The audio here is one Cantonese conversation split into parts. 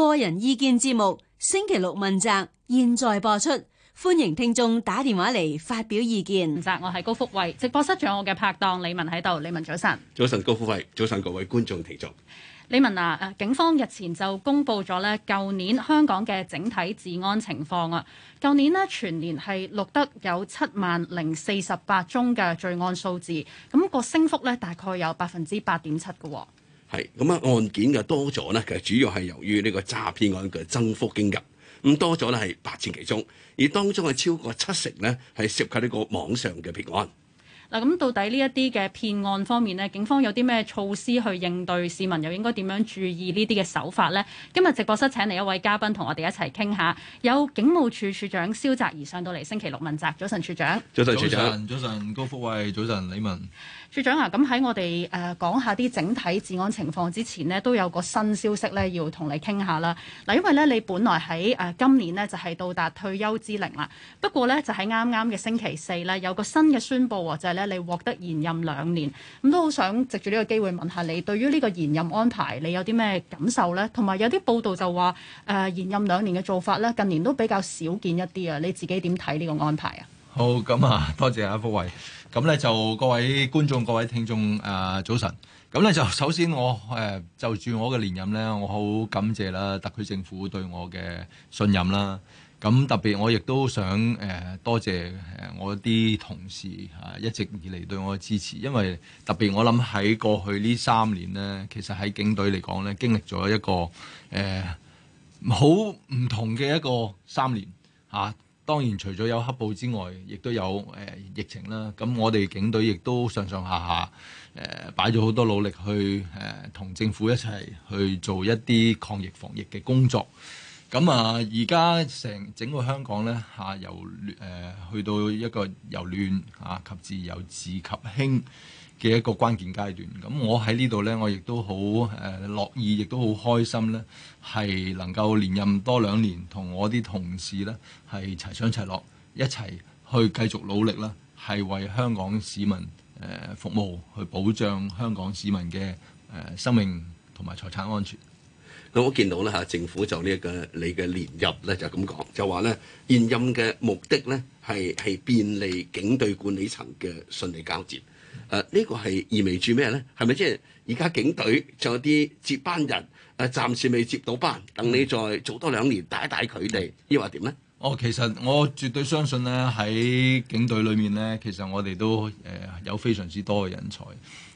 個人意見節目星期六問責，現在播出，歡迎聽眾打電話嚟發表意見。問責，我係高福慧，直播室仲有我嘅拍檔李文喺度。李文早晨。早晨高福慧，早晨各位觀眾聽眾。李文啊，誒，警方日前就公布咗咧，舊年香港嘅整體治安情況啊，舊年咧全年係錄得有七萬零四十八宗嘅罪案數字，咁個升幅咧大概有百分之八點七嘅。係咁啊，案件嘅多咗呢？其實主要係由於呢個詐騙案嘅增幅驚人，咁多咗咧係八千幾宗，而當中係超過七成呢，係涉及呢個網上嘅騙案。嗱，咁到底呢一啲嘅騙案方面呢？警方有啲咩措施去應對？市民又應該點樣注意呢啲嘅手法呢？今日直播室請嚟一位嘉賓同我哋一齊傾下，有警務處處長蕭澤頤上到嚟星期六問責。早晨，處長。早晨上，處長上。早晨，高福偉。早晨，李文。處長啊，咁喺我哋誒、呃、講下啲整體治安情況之前呢，都有個新消息咧，要同你傾下啦。嗱，因為咧你本來喺誒、呃、今年呢，就係、是、到達退休之齡啦，不過咧就喺啱啱嘅星期四咧有個新嘅宣佈、啊，就係、是、咧你獲得延任兩年。咁都好想藉住呢個機會問下你，對於呢個延任安排，你有啲咩感受呢？同埋有啲報道就話誒、呃、延任兩年嘅做法咧，近年都比較少見一啲啊。你自己點睇呢個安排啊？好，咁，oh，啊，多謝阿，啊、福慧。咁咧就各位觀眾、各位聽眾，啊、呃，早晨。咁咧就首先我誒、呃、就住我嘅連任咧，我好感謝啦，特區政府對我嘅信任啦。咁，啊、特別，我亦都想誒、呃、多謝誒我啲同事啊，一直以嚟對我嘅支持。因為特別我諗喺過去呢三年咧，其實喺警隊嚟講咧，經歷咗一個誒好唔同嘅一個三年嚇。啊。當然，除咗有黑暴之外，亦都有誒、呃、疫情啦。咁我哋警隊亦都上上下下誒、呃、擺咗好多努力去誒同、呃、政府一齊去做一啲抗疫防疫嘅工作。咁啊，而家成整個香港呢，嚇、啊、由誒、呃、去到一個由亂嚇，及至由治及興嘅一個關鍵階段咁，我喺呢度呢，我亦都好誒樂意，亦都好開心呢，係能夠連任多兩年，同我啲同事呢係齊上齊落一齊去繼續努力啦，係為香港市民誒服務，去保障香港市民嘅誒生命同埋財產安全。我見到呢，嚇政府就呢、這、一個你嘅連任呢，就咁講，就話呢：「連任嘅目的呢，係係便利警隊管理層嘅順利交接。誒呢個係意味住咩呢？係咪即係而家警隊仲有啲接班人誒？暫時未接到班，等你再做多兩年，帶一帶佢哋，抑或點呢？哦，其實我絕對相信呢，喺警隊裏面呢，其實我哋都誒有非常之多嘅人才。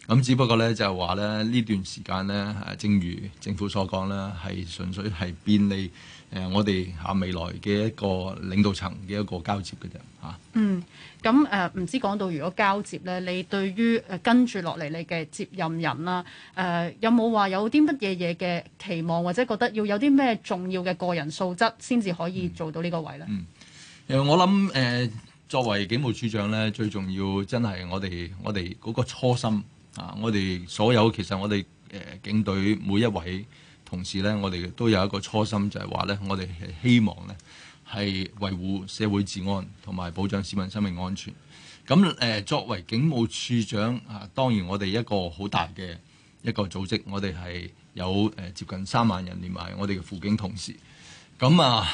咁只不過呢，就係話呢，呢段時間呢，誒正如政府所講啦，係純粹係便利。誒、呃，我哋嚇未來嘅一個領導層嘅一個交接嘅啫嚇。啊、嗯，咁誒，唔、呃、知講到如果交接咧，你對於誒跟住落嚟你嘅接任人啦，誒、呃、有冇話有啲乜嘢嘢嘅期望，或者覺得要有啲咩重要嘅個人素質先至可以做到呢個位咧、嗯嗯？嗯，我諗誒、呃，作為警務處長咧，最重要真係我哋我哋嗰個初心啊！我哋所有其實我哋誒、呃、警隊每一位。同時呢，我哋都有一個初心，就係、是、話呢，我哋係希望呢係維護社會治安同埋保障市民生命安全。咁誒，作為警務處長啊，當然我哋一個好大嘅一個組織，我哋係有誒接近三萬人，連埋我哋嘅輔警同事。咁啊，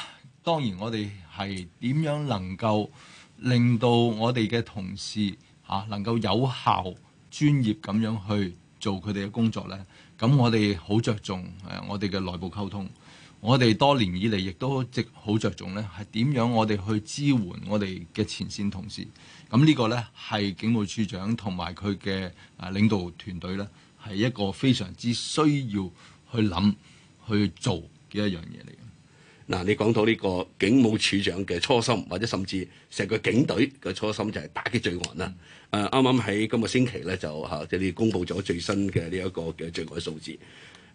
當然我哋係點樣能夠令到我哋嘅同事嚇、啊、能夠有效專業咁樣去做佢哋嘅工作呢？咁我哋好着重誒，我哋嘅內部溝通，我哋多年以嚟亦都直好着重咧，係點樣我哋去支援我哋嘅前線同事？咁呢個咧係警務處長同埋佢嘅誒領導團隊咧，係一個非常之需要去諗去做嘅一樣嘢嚟。嗱，你講到呢個警務處長嘅初心，或者甚至成個警隊嘅初心就係打擊罪案啦。誒、嗯，啱啱喺今個星期咧就嚇，即、啊、係、就係、你公布咗最新嘅呢一個嘅罪案數字。誒、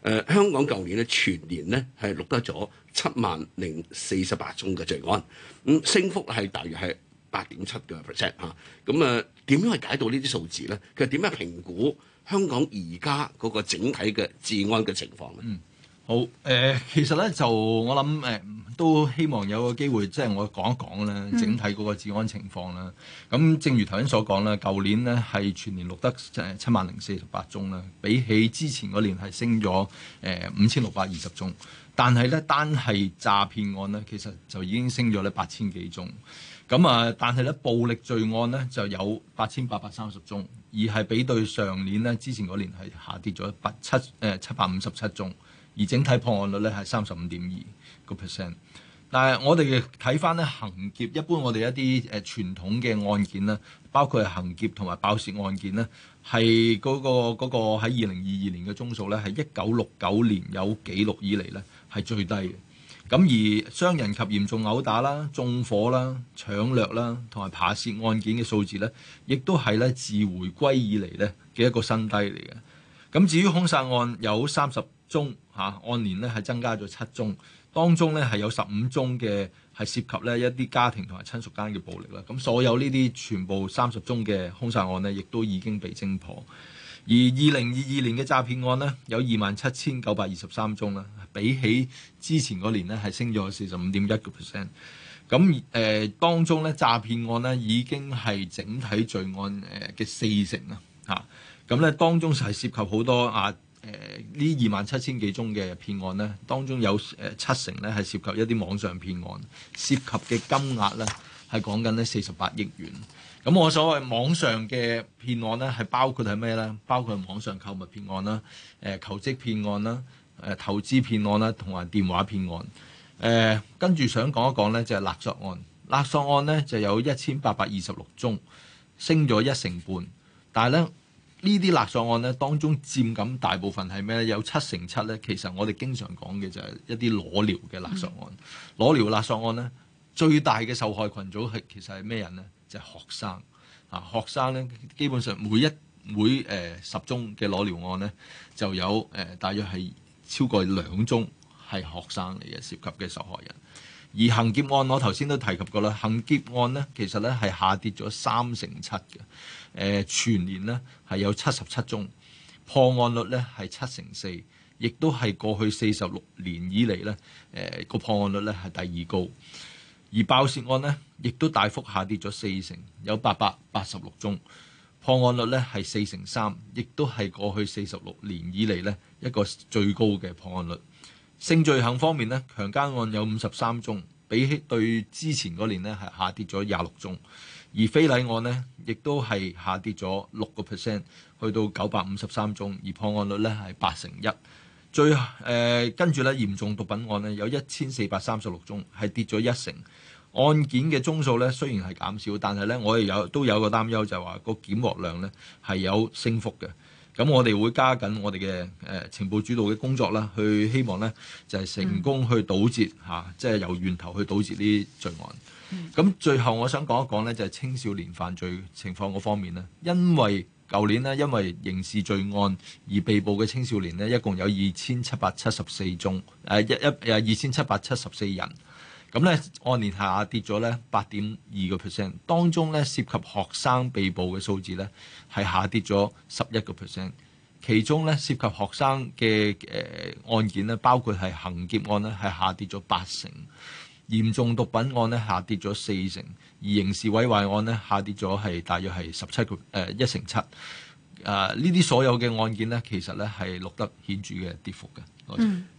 呃，香港舊年咧全年咧係錄得咗七萬零四十八宗嘅罪案，咁、嗯、升幅係大約係八點七嘅 percent 嚇。咁啊，點樣去解讀呢啲數字咧？佢係點樣評估香港而家嗰個整體嘅治安嘅情況咧？嗯好誒、呃，其實咧就我諗誒、呃，都希望有個機會，即係我講一講咧，整體嗰個治安情況啦。咁、嗯、正如頭先所講啦，舊年呢係全年錄得誒七萬零四十八宗啦，比起之前嗰年係升咗誒、呃、五千六百二十宗，但係咧單係詐騙案呢，其實就已經升咗咧八千幾宗。咁啊，但係咧暴力罪案呢就有八千八百三十宗，而係比對上年呢，之前嗰年係下跌咗八七誒、呃、七百五十七宗。而整體破案率咧係三十五點二個 percent，但係我哋睇翻咧行劫，一般我哋一啲誒傳統嘅案件啦，包括行劫同埋爆竊案件咧，係嗰個嗰個喺二零二二年嘅宗數咧，係一九六九年有記錄以嚟咧係最低嘅。咁而傷人及嚴重毆打啦、縱火啦、搶掠啦同埋扒竊案件嘅數字咧，亦都係咧自回歸以嚟咧嘅一個新低嚟嘅。咁至於兇殺案有三十宗。嚇，按、啊、年咧係增加咗七宗，當中咧係有十五宗嘅係涉及咧一啲家庭同埋親屬間嘅暴力啦。咁、啊、所有呢啲全部三十宗嘅兇殺案咧，亦都已經被偵破。而二零二二年嘅詐騙案呢，有二萬七千九百二十三宗啦，比起之前嗰年呢，係升咗四十五點一個 percent。咁、啊、誒、呃、當中咧詐騙案呢，已經係整體罪案誒嘅四成啦。嚇、啊，咁、啊、咧當中就係涉及好多啊。誒呢二萬七千幾宗嘅騙案呢，當中有誒七成呢係涉及一啲網上騙案，涉及嘅金額呢係講緊呢四十八億元。咁我所謂網上嘅騙案呢，係包括係咩呢？包括係網上購物騙案啦、求職騙案啦、投資騙案啦，同埋電話騙案。誒跟住想講一講呢，就係勒索案。勒索案呢，就有一千八百二十六宗，升咗一成半，但係呢。呢啲勒索案咧，當中佔咁大部分係咩咧？有七成七咧，其實我哋經常講嘅就係一啲裸聊嘅勒索案。裸聊勒索案咧，最大嘅受害群組係其實係咩人咧？就係、是、學生。啊，學生咧，基本上每一每誒、呃、十宗嘅裸聊案咧，就有誒、呃、大約係超過兩宗係學生嚟嘅涉及嘅受害人。而行劫案我頭先都提及過啦，行劫案呢，其實呢係下跌咗三成七嘅，誒全年呢係有七十七宗，破案率呢係七成四，亦都係過去四十六年以嚟呢誒個破案率呢係第二高。而爆竊案呢，亦都大幅下跌咗四成，有八百八十六宗，破案率呢係四成三，亦都係過去四十六年以嚟呢一個最高嘅破案率。性罪行方面咧，強姦案有五十三宗，比起對之前嗰年咧係下跌咗廿六宗；而非禮案咧，亦都係下跌咗六個 percent，去到九百五十三宗，而破案率咧係八成一。最誒跟住咧，嚴重毒品案咧有一千四百三十六宗，係跌咗一成。案件嘅宗數咧雖然係減少，但係咧我又有都有個擔憂就係話個檢獲量咧係有升幅嘅。咁我哋會加緊我哋嘅誒情報主導嘅工作啦，去希望呢就係、是、成功去堵截嚇、啊，即係由源頭去堵截呢啲罪案。咁、嗯、最後我想講一講呢，就係、是、青少年犯罪情況嗰方面呢，因為舊年呢，因為刑事罪案而被捕嘅青少年呢，一共有二千七百七十四宗，誒一一誒二千七百七十四人。咁咧按年下跌咗咧八點二個 percent，當中咧涉及學生被捕嘅數字咧係下跌咗十一個 percent，其中咧涉及學生嘅誒、呃、案件咧，包括係行劫案咧係下跌咗八成，嚴重毒品案咧下跌咗四成，而刑事毀壞案咧下跌咗係大約係十七個誒呃、一成七，啊呢啲所有嘅案件咧，其實咧係錄得顯著嘅跌幅嘅。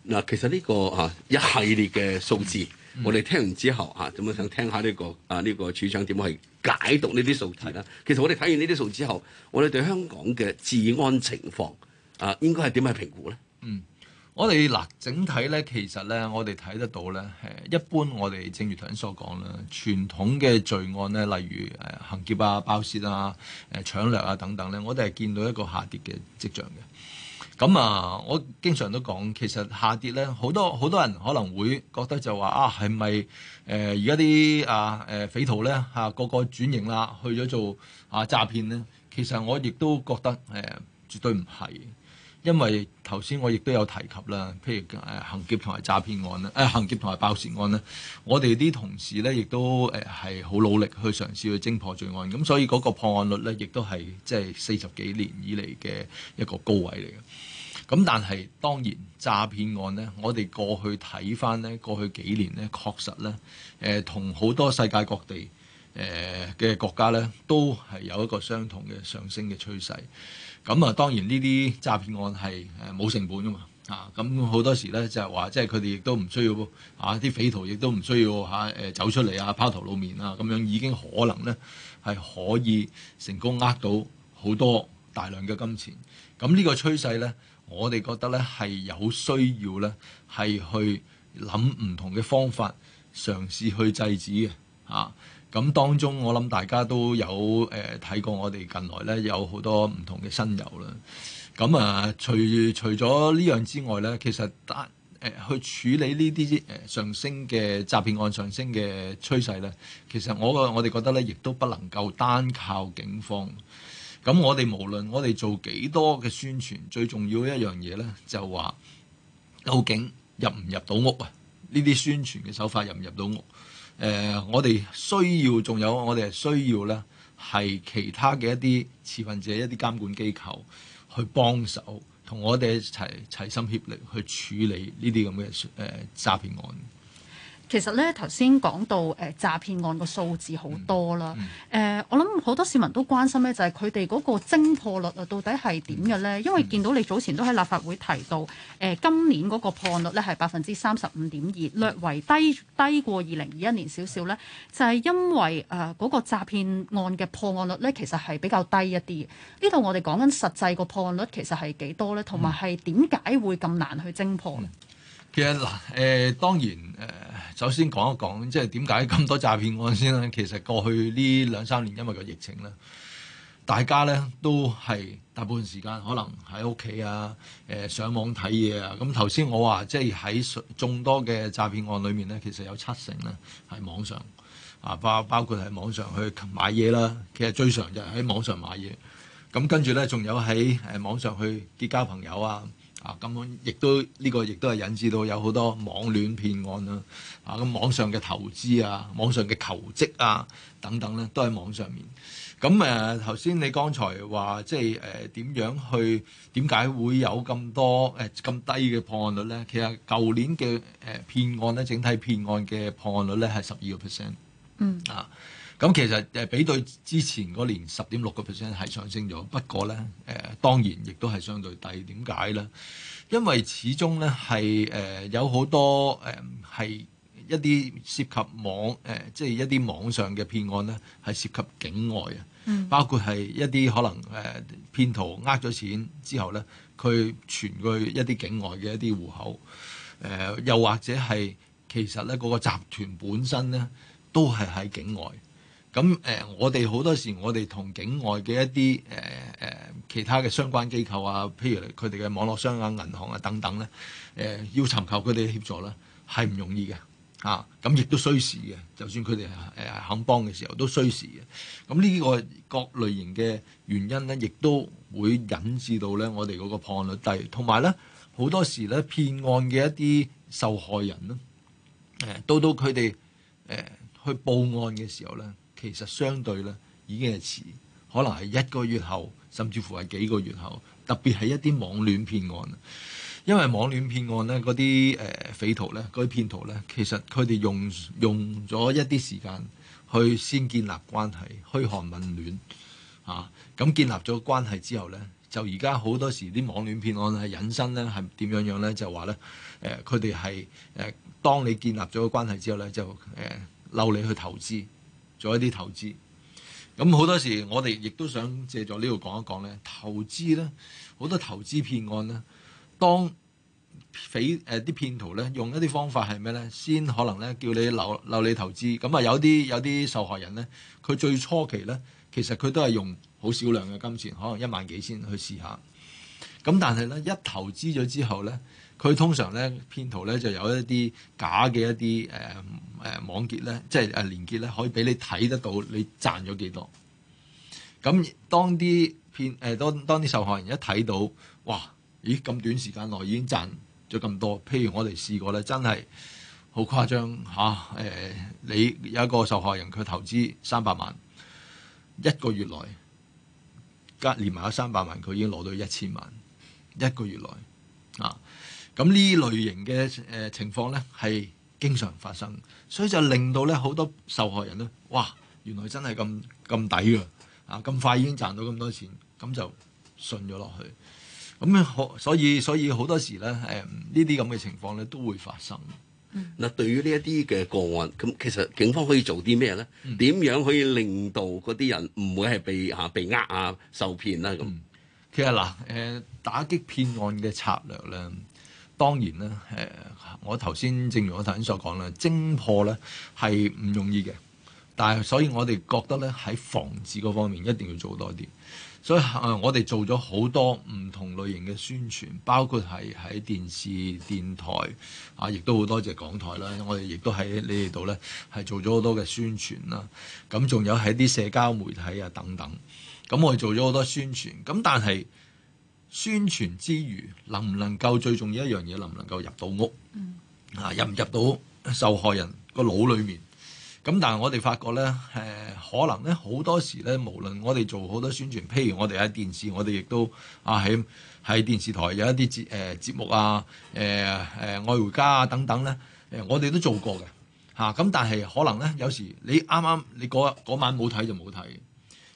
嗱，其實呢個啊一系列嘅數字。 我哋聽完之後嚇，咁我想聽下呢、呢個啊呢、呢個處長點樣去解讀呢啲數字咧？的 其實我哋睇完呢啲數字之後，我哋對香港嘅治安情況啊，應該係點樣評估咧？嗯，我哋嗱整體咧，其實咧，我哋睇得到咧，誒一般我哋正如頭先所講啦，傳統嘅罪案咧，例如誒行劫啊、爆竊啊、誒搶掠啊等等咧，我哋係見到一個下跌嘅跡象嘅。咁啊，我經常都講，其實下跌咧，好多好多人可能會覺得就話啊，係咪誒而家啲啊誒匪徒咧嚇、啊、個個轉型啦，去咗做啊詐騙咧？其實我亦都覺得誒、呃，絕對唔係。因為頭先我亦都有提及啦，譬如誒行劫同埋詐騙案啦，誒行劫同埋爆竊案啦，我哋啲同事呢亦都誒係好努力去嘗試去偵破罪案，咁所以嗰個破案率呢，亦都係即係四十幾年以嚟嘅一個高位嚟嘅。咁但係當然詐騙案呢，我哋過去睇返呢過去幾年呢，確實呢，誒同好多世界各地誒嘅國家呢，都係有一個相同嘅上升嘅趨勢。咁啊，當然呢啲詐騙案係誒冇成本噶嘛，啊，咁好多時咧就係話，即係佢哋亦都唔需要嚇，啲匪徒，亦都唔需要嚇誒走出嚟啊，拋頭露面啊，咁樣已經可能咧係可以成功呃到好多大量嘅金錢。咁呢個趨勢咧，我哋覺得咧係有需要咧係去諗唔同嘅方法，嘗試去制止嘅，啊。咁當中，我諗大家都有誒睇過，呃、Banana，我哋近來咧有多好多唔同嘅新友啦。咁啊，除除咗呢樣之外咧，其實單誒、啊啊啊、去處理呢啲上升嘅詐騙案上升嘅趨勢咧，其實我我哋覺得咧，亦都不能夠單靠警方。咁、啊啊啊啊啊啊啊啊、我哋無論我哋做幾多嘅宣傳，最重要一樣嘢咧，就話、是、究竟入唔入到屋啊？呢啲宣傳嘅手法入唔入到屋？誒、呃，我哋需要，仲有我哋係需要咧，係其他嘅一啲持份者、一啲監管機構去幫手，同我哋一齊齊心協力去處理呢啲咁嘅誒詐騙案。其實咧頭先講到誒、呃、詐騙案個數字好多啦，誒、嗯嗯呃、我諗好多市民都關心咧，就係佢哋嗰個偵破率啊，到底係點嘅咧？因為見到你早前都喺立法會提到誒、呃、今年嗰個破案率咧係百分之三十五點二，略為低，低過二零二一年少少咧，就係、是、因為誒嗰、呃嗰個詐騙案嘅破案率咧其實係比較低一啲。呢度我哋講緊實際個破案率其實係幾多咧？同埋係點解會咁難去偵破呢？嗯嗯其實嗱，誒、呃、當然誒、呃，首先講一講，即係點解咁多詐騙案先啦。其實過去呢兩三年，因為個疫情咧，大家咧都係大部分時間可能喺屋企啊，誒、呃、上網睇嘢啊。咁頭先我話即係喺眾多嘅詐騙案裏面咧，其實有七成咧喺網上啊，包包括係網上去買嘢啦。其實最常就係喺網上買嘢，咁跟住咧仲有喺誒網上去結交朋友啊。啊，咁樣亦都呢個亦都係引致到有好多網戀騙案啦！啊，咁網上嘅投資啊，網上嘅、啊、求職啊等等咧，都喺網上面。咁、啊、誒，頭先你剛才話即係誒點樣去點解會有咁多誒咁、呃、低嘅破案率咧？其實舊年嘅誒騙案咧，整體騙案嘅破案率咧係十二個 percent。嗯啊。咁其實誒比對之前嗰年十點六個 percent 係上升咗，不過咧誒、呃、當然亦都係相對低，點解咧？因為始終咧係誒有好多誒係、呃、一啲涉及網誒，即、呃、係、就是、一啲網上嘅騙案咧，係涉及境外啊，嗯、包括係一啲可能誒、呃、騙徒呃咗錢之後咧，佢傳佢一啲境外嘅一啲戶口，誒、呃、又或者係其實咧嗰、那個集團本身咧都係喺境外。咁誒、呃，我哋好多時，我哋同境外嘅一啲誒誒其他嘅相關機構啊，譬如佢哋嘅網絡商啊、銀行啊等等咧，誒、呃、要尋求佢哋協助咧，係唔容易嘅啊。咁、啊、亦都需時嘅，就算佢哋誒肯幫嘅時候都需時嘅。咁呢個各類型嘅原因咧，亦都會引致到咧，我哋嗰個破案率低，同埋咧好多時咧騙案嘅一啲受害人咧，誒、呃、到到佢哋誒去報案嘅時候咧。其實相對咧，已經係遲，可能係一個月後，甚至乎係幾個月後。特別係一啲網戀騙案，因為網戀騙案咧，嗰啲誒匪徒咧，嗰啲騙徒咧，其實佢哋用用咗一啲時間去先建立關係，噓寒問暖啊。咁建立咗關係之後咧，就而家好多時啲網戀騙案係引申咧，係點樣樣咧？就話咧，誒、呃，佢哋係誒，當你建立咗個關係之後咧，就誒、溜、呃、你去投資。做一啲投資，咁好多時我哋亦都想借助呢度講一講呢投資咧，好多投資騙案咧，當匪誒啲、呃、騙徒呢用一啲方法係咩呢？先可能呢叫你留，留你投資咁啊。有啲有啲受害人呢，佢最初期呢其實佢都係用好少量嘅金錢，可能一萬幾千去試下。咁但係呢一投資咗之後呢。佢通常咧，騙徒咧就有一啲假嘅一啲誒誒網結咧，即係誒連結咧，可以俾你睇得到你賺咗幾多。咁當啲騙誒、呃、當當啲受害人一睇到，哇！咦，咁短時間內已經賺咗咁多。譬如我哋試過咧，真係好誇張嚇。誒、啊呃，你有一個受害人佢投資三百萬，一個月內加連埋咗三百萬，佢已經攞到一千萬一個月內。咁呢類型嘅誒情況咧，係經常發生，所以就令到咧好多受害人咧，哇！原來真係咁咁抵嘅，啊咁快已經賺到咁多錢，咁就信咗落去。咁、啊，所以所以好多時咧，誒、呃、呢啲咁嘅情況咧都會發生。嗱、嗯，對於呢一啲嘅個案，咁其實警方可以做啲咩咧？點樣可以令到嗰啲人唔會係被嚇、被呃啊、受騙啦咁？其實嗱，誒打擊騙案嘅策略咧。當然啦，誒，我頭先正如我頭先所講啦，偵破咧係唔容易嘅，但係所以我哋覺得咧喺防治嗰方面一定要做多啲，所以誒我哋做咗好多唔同類型嘅宣傳，包括係喺電視、電台啊，亦都好多謝港台啦，我哋亦都喺你哋度咧係做咗好多嘅宣傳啦，咁仲有喺啲社交媒體啊等等，咁我哋做咗好多宣傳，咁但係。宣傳之餘，能唔能夠最重要一樣嘢，能唔能夠入到屋？嗯、啊，入唔入到受害人個腦裏面？咁、嗯、但係我哋發覺咧，誒、呃、可能咧好多時咧，無論我哋做好多宣傳，譬如我哋喺電視，我哋亦都啊喺喺電視台有一啲節誒節目啊，誒、呃、誒、呃、愛回家啊等等咧，誒、呃、我哋都做過嘅，嚇、啊、咁但係可能咧有時你啱啱你嗰嗰晚冇睇就冇睇，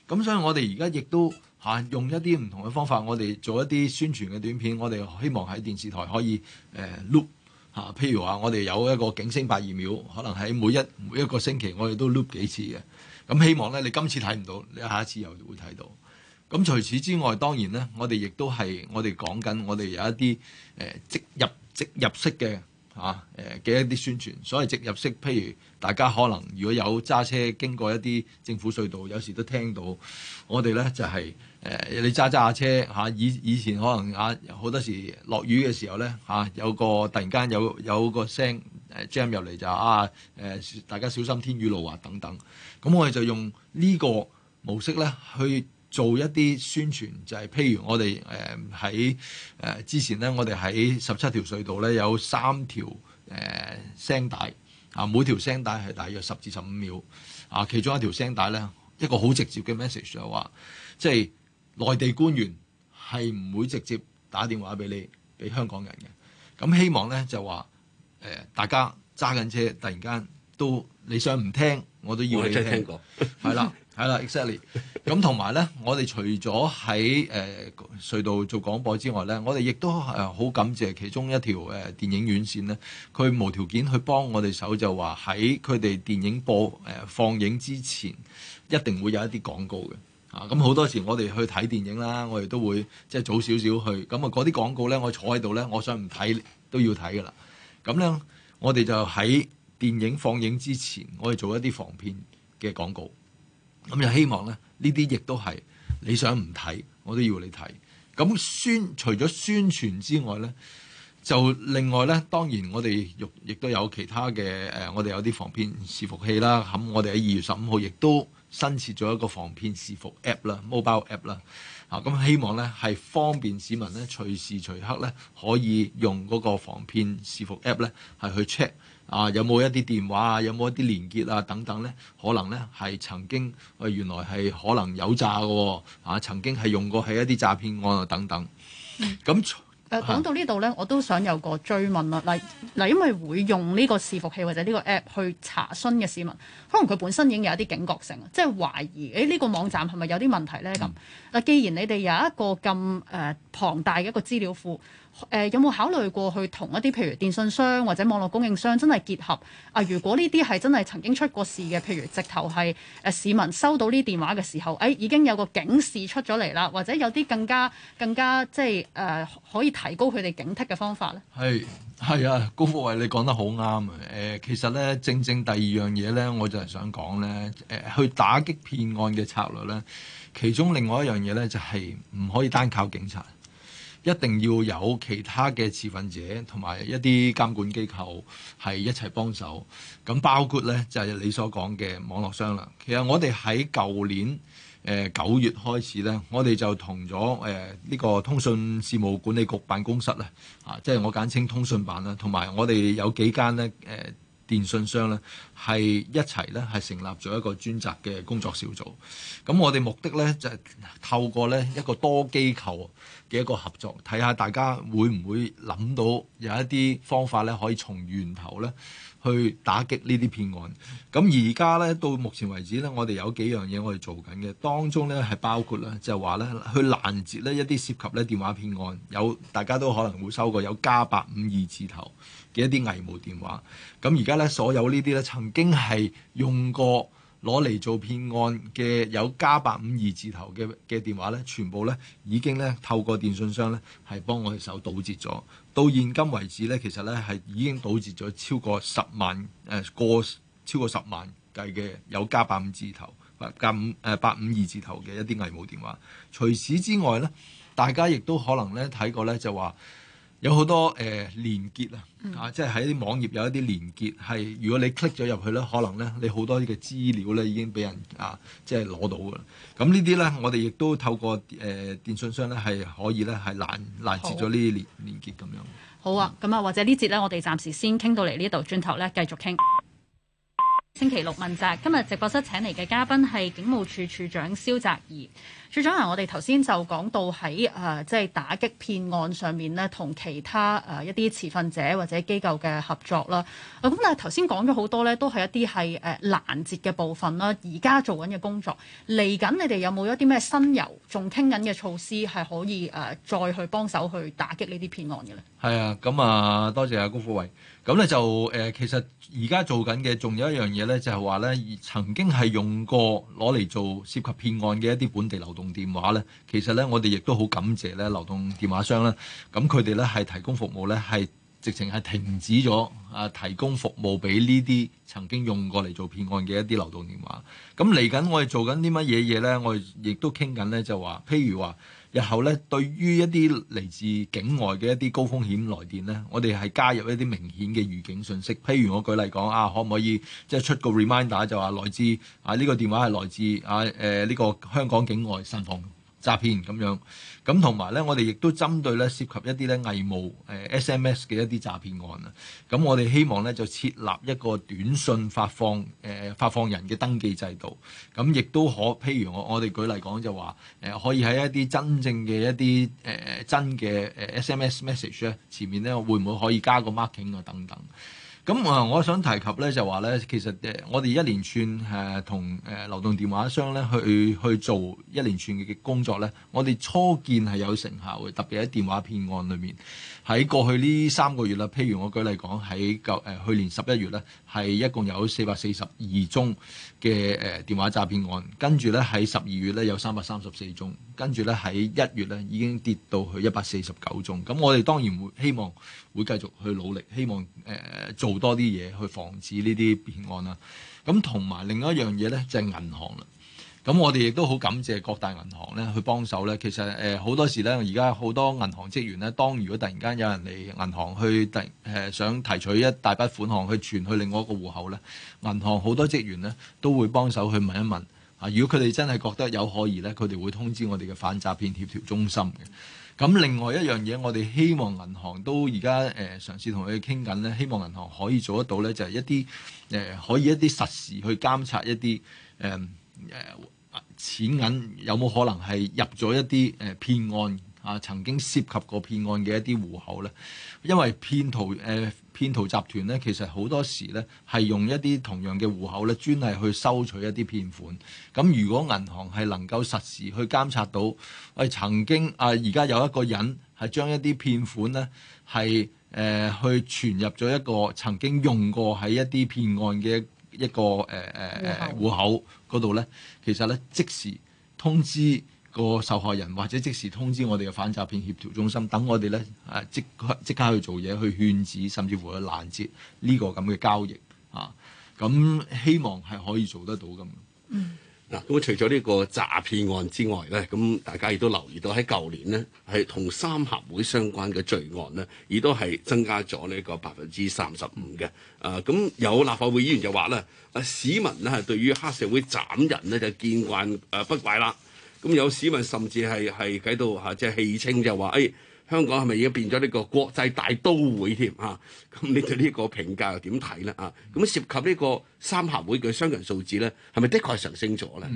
咁所以我哋而家亦都。嚇、啊、用一啲唔同嘅方法，我哋做一啲宣傳嘅短片，我哋希望喺電視台可以誒、呃、loop、啊、譬如話我哋有一個警聲百二秒，可能喺每一每一個星期我哋都 loop 幾次嘅，咁、啊、希望咧你今次睇唔到，你下一次又會睇到。咁、啊、除此之外，當然咧，我哋亦都係我哋講緊，我哋有一啲、呃、即入即入式嘅。啊，誒嘅一啲宣傳，所謂直入式，譬如大家可能如果有揸車經過一啲政府隧道，有時都聽到我哋咧就係、是、誒、啊、你揸揸下車嚇，以、啊、以前可能啊好多時落雨嘅時候咧嚇、啊，有個突然間有有個聲誒 jam 入嚟就啊誒、啊、大家小心天雨路啊等等，咁我哋就用呢個模式咧去。做一啲宣傳，就係、是、譬如我哋誒喺誒之前呢，我哋喺十七條隧道呢有三條誒、呃、聲帶啊，每條聲帶係大約十至十五秒啊，其中一條聲帶呢，一個好直接嘅 message 就係、是、話，即係內地官員係唔會直接打電話俾你俾香港人嘅，咁希望呢，就話誒、呃、大家揸緊車，突然間都你想唔聽，我都要你聽，我真係聽過。係啦。 係啦，exactly。咁同埋咧，我哋除咗喺誒隧道做廣播之外咧，我哋亦都係好感謝其中一條誒電影院線咧，佢無條件去幫我哋手，就話喺佢哋電影播誒放映之前，一定會有一啲廣告嘅啊。咁好多時我哋去睇電影啦，我哋都會即係早少少去咁啊。嗰啲廣告咧，我坐喺度咧，我想唔睇都要睇㗎喇。咁咧，我哋就喺電影放映之前，我哋做一啲防騙嘅廣告。咁就希望咧，呢啲亦都係你想唔睇，我都要你睇。咁宣除咗宣傳之外咧，就另外咧，當然我哋亦亦都有其他嘅誒、呃，我哋有啲防騙視伺器啦。咁我哋喺二月十五號亦都，新設咗一個防騙視伏 App 啦，mobile App 啦，啊，啊咁希望咧係方便市民咧隨時隨刻咧，可以用嗰個防騙視伏 App 咧，係去 check 啊有冇一啲電話啊，有冇一啲連結啊等等，咧可能咧係曾經啊，原來係可能有詐嘅喎，啊曾經係用過喺一啲詐騙案啊等等咁。啊誒講到呢度咧，我都想有個追問啦。嗱嗱，因為會用呢個伺服器或者呢個 app 去查詢嘅市民，可能佢本身已經有一啲警覺性，即係懷疑誒呢個網站係咪有啲問題咧咁。嗯嗱，既然你哋有一個咁誒、呃、龐大嘅一個資料庫，誒、呃、有冇考慮過去同一啲譬如電信商或者網絡供應商真係結合？啊、呃，如果呢啲係真係曾經出過事嘅，譬如直頭係誒市民收到呢電話嘅時候，誒、哎、已經有個警示出咗嚟啦，或者有啲更加更加即係誒可以提高佢哋警惕嘅方法咧？係。係啊，高福衛你講得好啱啊！誒、呃，其實咧，正正第二樣嘢咧，我就係想講咧，誒、呃，去打擊騙案嘅策略咧，其中另外一樣嘢咧，就係、是、唔可以單靠警察，一定要有其他嘅持份者同埋一啲監管機構係一齊幫手。咁包括咧，就係、是、你所講嘅網絡商量。其實我哋喺舊年，誒九、呃、月開始咧，我哋就同咗誒呢個通訊事務管理局辦公室咧，啊，即係我簡稱通訊辦啦，同埋我哋有幾間咧誒電信商咧，係一齊咧係成立咗一個專責嘅工作小組。咁我哋目的咧就係、是、透過咧一個多機構嘅一個合作，睇下大家會唔會諗到有一啲方法咧，可以從源頭咧，去打擊呢啲騙案，咁而家咧到目前為止咧，我哋有幾樣嘢我哋做緊嘅，當中咧係包括咧就係話咧去攔截咧一啲涉及咧電話騙案，有大家都可能會收過，有加八五二字頭嘅一啲偽冒電話，咁而家咧所有呢啲咧曾經係用過，攞嚟做騙案嘅有加八五二字頭嘅嘅電話咧，全部咧已經咧透過電信商咧係幫我哋手堵截咗。到現今為止咧，其實咧係已經堵截咗超過十萬誒過、呃、超過十萬計嘅有加八五字頭加五誒八五二字頭嘅一啲偽冒電話。除此之外咧，大家亦都可能咧睇過咧就話。有好多誒、呃、連結啊，啊，即係喺啲網頁有一啲連結，係如果你 click 咗入去咧，可能咧你好多嘅個資料咧已經俾人啊，即係攞到㗎啦。咁呢啲咧，我哋亦都透過誒、呃、電訊商咧係可以咧係攔攔截咗呢啲連連結咁樣。好啊，咁樣啊，或者節呢節咧，我哋暫時先傾到嚟呢度，轉頭咧繼續傾。星期六問責，今日直播室請嚟嘅嘉賓係警務處處長蕭澤頤處長啊，我哋頭先就講到喺誒即係打擊騙案上面咧，同其他誒、呃、一啲持份者或者機構嘅合作啦。咁、啊、但係頭先講咗好多咧，都係一啲係誒攔截嘅部分啦。而家做緊嘅工作，嚟緊你哋有冇一啲咩新猷，仲傾緊嘅措施係可以誒、呃、再去幫手去打擊呢啲騙案嘅咧？係啊，咁啊，多謝阿高富維。咁咧就誒、呃，其實而家做緊嘅仲有一樣嘢咧，就係話咧曾經係用過攞嚟做涉及騙案嘅一啲本地流動電話咧，其實咧我哋亦都好感謝咧流動電話商啦。咁佢哋咧係提供服務咧，係直情係停止咗啊提供服務俾呢啲曾經用過嚟做騙案嘅一啲流動電話，咁嚟緊，我哋做緊啲乜嘢嘢咧？我哋亦都傾緊咧，就話譬如話。日後咧，對於一啲嚟自境外嘅一啲高風險來電咧，我哋係加入一啲明顯嘅預警信息。譬如我舉例講啊，可唔可以即係出個 reminder 就話來自啊呢、呢個電話係來自啊誒呢、呃呢個香港境外，慎防詐騙咁樣。咁同埋咧，我哋亦都針對咧涉及一啲咧偽冒誒 SMS 嘅一啲詐騙案啊，咁我哋希望咧就設立一個短訊發放誒、呃、發放人嘅登記制度，咁、啊、亦都可譬如我我哋舉例講就話誒可以喺一啲真正嘅一啲誒、呃、真嘅誒、呃、SMS message 咧前面咧會唔會可以加個 marking 啊等等。咁啊、嗯，我想提及咧，就話咧，其實誒，我哋一連串誒、啊、同誒流動電話商咧，去去做一連串嘅工作咧，我哋初見係有成效嘅，特別喺電話騙案裏面。喺過去呢三個月啦，譬如我舉例講，喺舊誒去年十一月咧，係一共有四百四十二宗嘅誒電話詐騙案，跟住咧喺十二月咧有三百三十四宗，跟住咧喺一月咧已經跌到去一百四十九宗。咁我哋當然會希望會繼續去努力，希望誒做多啲嘢去防止呢啲騙案啦。咁同埋另一樣嘢咧就係銀行啦。咁我哋亦都好感謝各大銀行咧去幫手咧。其實誒好、呃、多時咧，而家好多銀行職員呢，當如果突然間有人嚟銀行去提誒、呃、想提取一大筆款項去存去另外一個戶口咧，銀行好多職員呢都會幫手去問一問。啊，如果佢哋真係覺得有可疑咧，佢哋會通知我哋嘅反詐騙協調中心嘅。咁另外一樣嘢，我哋希望銀行都而家誒嘗試同佢哋傾緊咧，希望銀行可以做得到咧，就係、是、一啲誒、呃、可以一啲實時去監察一啲誒誒。嗯嗯嗯嗯嗯錢銀有冇可能係入咗一啲誒騙案啊？曾經涉及過騙案嘅一啲戶口呢？因為騙徒誒、呃、騙徒集團呢，其實好多時呢係用一啲同樣嘅戶口呢專係去收取一啲騙款。咁如果銀行係能夠實時去監察到，喂、呃、曾經啊而家有一個人係將一啲騙款呢係誒、呃、去存入咗一個曾經用過喺一啲騙案嘅。一個誒誒誒戶口嗰度咧，其實咧即時通知個受害人，或者即時通知我哋嘅反詐騙協調中心，等我哋咧誒即即刻去做嘢，去勸止，甚至乎去攔截呢個咁嘅交易啊！咁希望係可以做得到嘅。嗯嗱，咁除咗呢個詐騙案之外咧，咁大家亦都留意到喺舊年呢，係同三合會相關嘅罪案呢，亦都係增加咗呢個百分之三十五嘅。啊，咁有立法會議員就話咧，啊市民咧係對於黑社會斬人呢，就見慣誒不怪啦。咁有市民甚至係係喺度嚇即係戲稱就話誒。哎香港係咪已經變咗呢個國際大都會添啊？咁你對呢個評價又點睇咧啊？咁涉及呢個三合會嘅相關數字咧，係咪的確上升咗咧？嗱、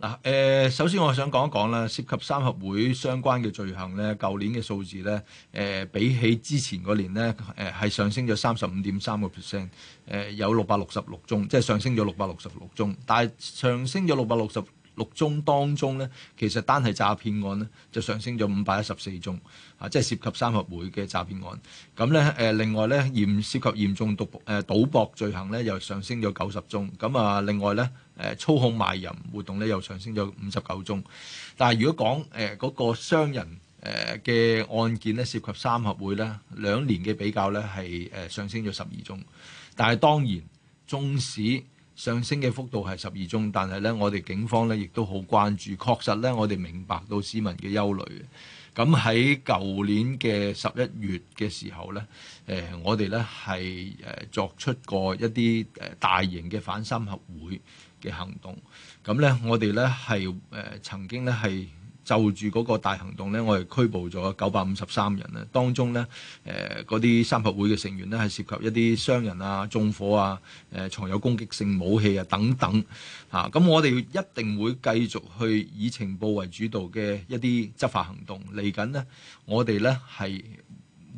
嗯，誒、呃，首先我想講一講啦，涉及三合會相關嘅罪行咧，舊年嘅數字咧，誒、呃，比起之前嗰年咧，誒、呃，係上升咗三十五點三個 percent，誒，有六百六十六宗，即係上升咗六百六十六宗，但係上升咗六百六十六宗當中呢，其實單係詐騙案呢就上升咗五百一十四宗，啊，即係涉及三合會嘅詐騙案。咁呢誒，另外呢，嚴涉及嚴重毒誒賭博罪行呢，又上升咗九十宗。咁啊，另外呢誒操控賣淫活動呢，又上升咗五十九宗。但係如果講誒嗰個商人誒嘅案件呢，涉及三合會呢，兩年嘅比較呢係誒上升咗十二宗。但係當然，縱使上升嘅幅度係十二宗，但係呢，我哋警方呢亦都好關注，確實呢，我哋明白到市民嘅憂慮嘅。咁喺舊年嘅十一月嘅時候呢，誒、呃、我哋呢係誒作出過一啲誒大型嘅反三合會嘅行動。咁呢，我哋呢係誒、呃、曾經呢係。就住嗰個大行動呢，我哋拘捕咗九百五十三人咧，當中呢，誒嗰啲三合會嘅成員呢，係涉及一啲傷人啊、縱火啊、誒、呃、藏有攻擊性武器啊等等嚇。咁、啊、我哋一定會繼續去以情報為主導嘅一啲執法行動。嚟緊呢，我哋呢係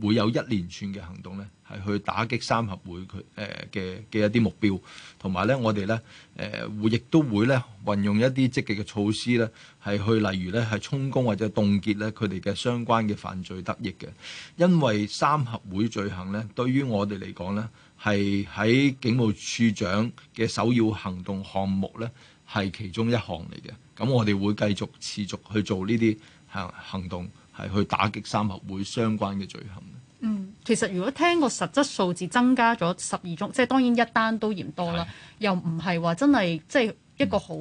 會有一連串嘅行動呢。係去打擊三合會佢誒嘅嘅一啲目標，同埋咧我哋咧誒會亦都會咧運用一啲積極嘅措施咧，係去例如咧係充公或者凍結咧佢哋嘅相關嘅犯罪得益嘅。因為三合會罪行咧，對於我哋嚟講咧係喺警務處長嘅首要行動項目咧係其中一項嚟嘅。咁我哋會繼續持續去做呢啲行行動，係去打擊三合會相關嘅罪行。其實如果聽個實質數字，增加咗十二宗，即係當然一單都嫌多啦，又唔係話真係即係一個好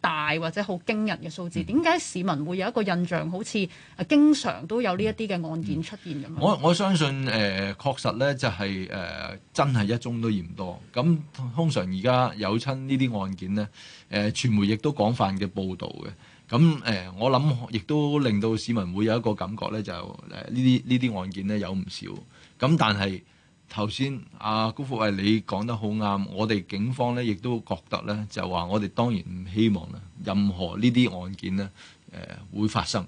大或者好驚人嘅數字。點解、嗯、市民會有一個印象，好似經常都有呢一啲嘅案件出現咁樣、嗯？我我相信誒、呃，確實呢就係、是、誒、呃、真係一宗都嫌多。咁通常而家有親呢啲案件呢，誒、呃、傳媒亦都廣泛嘅報導嘅。咁誒、呃，我諗亦都令到市民會有一個感覺呢、就是，就呢啲呢啲案件呢，有唔少。咁但係頭先阿高福慧你講得好啱，我哋警方咧亦都覺得咧，就話我哋當然唔希望咧任何呢啲案件咧誒、呃、會發生，咁、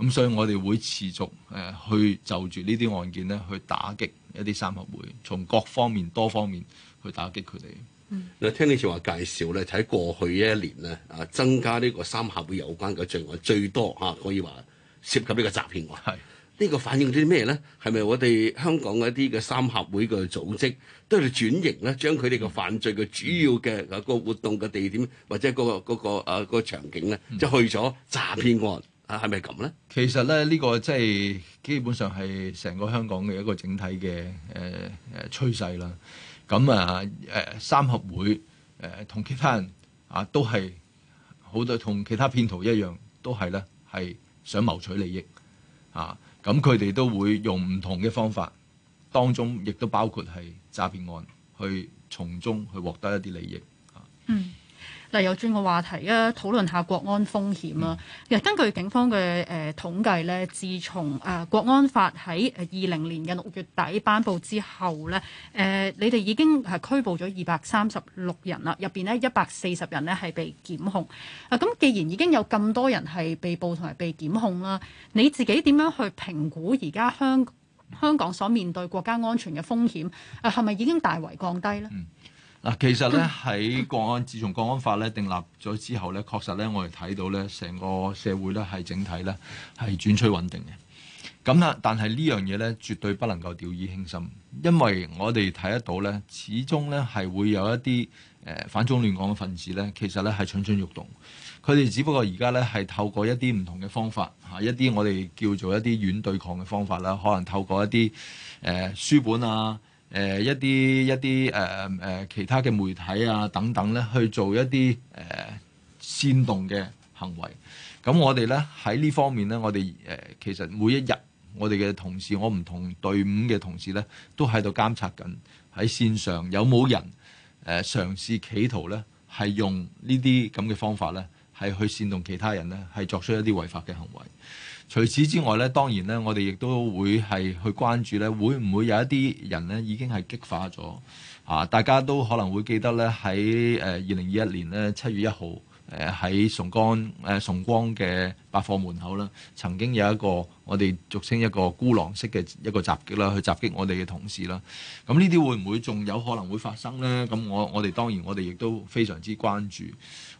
嗯、所以我哋會持續誒、呃、去就住呢啲案件咧去打擊一啲三合會，從各方面多方面去打擊佢哋。嗱、嗯，聽你似話介紹咧，喺過去一年咧啊，增加呢個三合會有關嘅罪案最多嚇、啊，可以話涉及呢個詐騙案。啊、係呢個反映啲咩咧？係咪我哋香港一啲嘅三合會嘅組織都喺度轉型咧？將佢哋嘅犯罪嘅主要嘅嗰個活動嘅地點或者嗰、嗰個、嗰個啊、嗰個嗰個嗰個場景咧，即係去咗詐騙案啊？係咪咁咧？其實咧，呢、呢個即、就、係、是、基本上係成個香港嘅一個整體嘅誒誒趨勢啦。咁啊誒三合會誒同、呃、其他人啊都係好多同其他騙徒一樣，都係咧係想謀取利益啊。咁佢哋都會用唔同嘅方法，當中亦都包括係詐騙案，去從中去獲得一啲利益。啊嗯。嗱，又轉個話題啊，討論下國安風險啊。嗯、根據警方嘅誒、呃、統計咧，自從誒、呃、國安法喺二零年嘅六月底頒布之後咧，誒、呃、你哋已經係拘捕咗二百三十六人啦，入邊咧一百四十人咧係被檢控。啊、呃，咁既然已經有咁多人係被捕同埋被檢控啦，你自己點樣去評估而家香港香港所面對國家安全嘅風險？啊、呃，係咪已經大為降低咧？嗯嗱，其實咧喺國安，自從國安法咧訂立咗之後咧，確實咧我哋睇到咧，成個社會咧係整體咧係轉趨穩定嘅。咁啦，但係呢樣嘢咧，絕對不能夠掉以輕心，因為我哋睇得到咧，始終咧係會有一啲誒、呃、反中亂港嘅分子咧，其實咧係蠢蠢欲動。佢哋只不過而家咧係透過一啲唔同嘅方法嚇、啊，一啲我哋叫做一啲軟對抗嘅方法啦、啊，可能透過一啲誒、呃、書本啊。誒、呃、一啲一啲誒誒其他嘅媒體啊等等咧，去做一啲誒、呃、煽動嘅行為。咁我哋咧喺呢方面咧，我哋誒、呃、其實每一日我哋嘅同事，我唔同隊伍嘅同事咧，都喺度監察緊喺線上有冇人誒、呃、嘗試企圖咧，係用呢啲咁嘅方法咧，係去煽動其他人咧，係作出一啲違法嘅行為。除此之外咧，當然咧，我哋亦都會係去關注咧，會唔會有一啲人呢已經係激化咗啊？大家都可能會記得咧，喺誒二零二一年咧七月一號，誒、啊、喺崇光誒、啊、崇光嘅百貨門口啦，曾經有一個我哋俗稱一個孤狼式嘅一個襲擊啦，去襲擊我哋嘅同事啦。咁呢啲會唔會仲有可能會發生呢？咁我我哋當然我哋亦都非常之關注。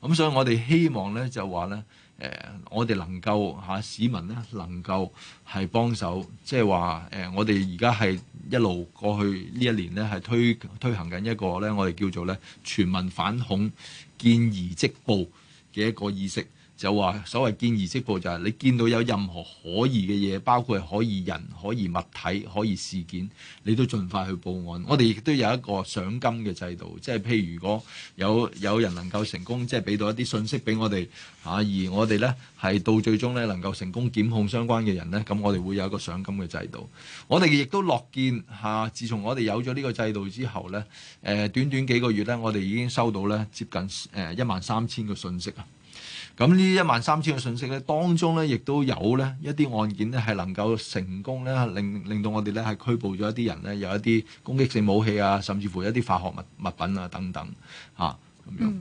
咁所以我哋希望咧就話咧。誒、呃，我哋能夠嚇市民咧，能夠係幫手，即係話誒，我哋而家係一路過去呢一年咧，係推推行緊一個咧，我哋叫做咧全民反恐見疑即報嘅一個意識。就話所謂見疑即報就係你見到有任何可疑嘅嘢，包括係可疑人、可疑物體、可疑事件，你都盡快去報案。我哋亦都有一個賞金嘅制度，即係譬如如果有有人能夠成功，即係俾到一啲信息俾我哋，嚇、啊、而我哋呢係到最終呢，能夠成功檢控相關嘅人呢，咁我哋會有一個賞金嘅制度。我哋亦都樂見嚇、啊，自從我哋有咗呢個制度之後呢，誒、呃、短短幾個月呢，我哋已經收到呢接近誒一萬三千個信息啊！咁呢一萬三千個訊息咧，當中咧亦都有咧一啲案件咧係能夠成功咧，令令到我哋咧係拘捕咗一啲人咧，有一啲攻擊性武器啊，甚至乎一啲化學物物品啊等等嚇咁、啊、樣。嗱、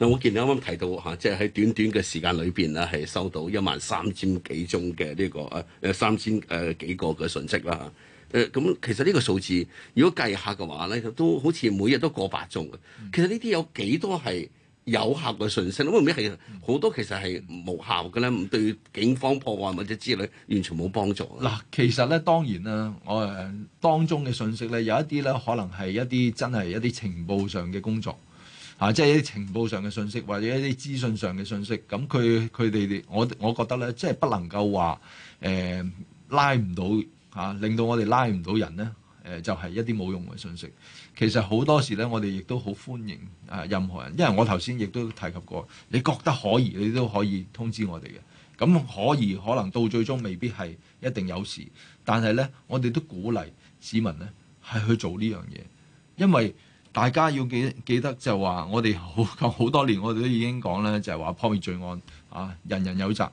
嗯，我見你啱啱提到嚇，即係喺短短嘅時間裏邊啦，係收到一萬三千幾宗嘅呢、這個誒誒三千誒、呃、幾個嘅訊息啦嚇。誒、啊、咁、啊嗯、其實呢個數字如果計下嘅話咧，都好似每日都過百宗嘅。其實呢啲有幾多係？有效嘅信息，會唔會係好多其實係無效嘅咧？唔對警方破案或者之類，完全冇幫助。嗱，其實咧當然啦，我誒當中嘅信息咧，有一啲咧可能係一啲真係一啲情報上嘅工作，啊，即係一啲情報上嘅信息，或者一啲資訊上嘅信息，咁佢佢哋我我覺得咧，即係不能夠話誒拉唔到嚇，令到我哋拉唔到人咧，誒就係一啲冇用嘅信息。其實好多時咧，我哋亦都好歡迎啊任何人，因為我頭先亦都提及過，你覺得可疑，你都可以通知我哋嘅。咁可疑可能到最終未必係一定有事，但係咧，我哋都鼓勵市民咧係去做呢樣嘢，因為大家要記記得就係話，我哋好好多年，我哋都已經講咧就係話撲滅罪案啊，人人有責。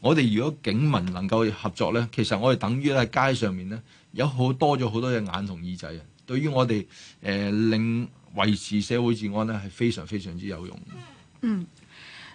我哋如果警民能夠合作咧，其實我哋等於喺街上面咧有好多咗好多隻眼同耳仔啊！對於我哋誒、呃、令維持社會治安呢，係非常非常之有用。嗯，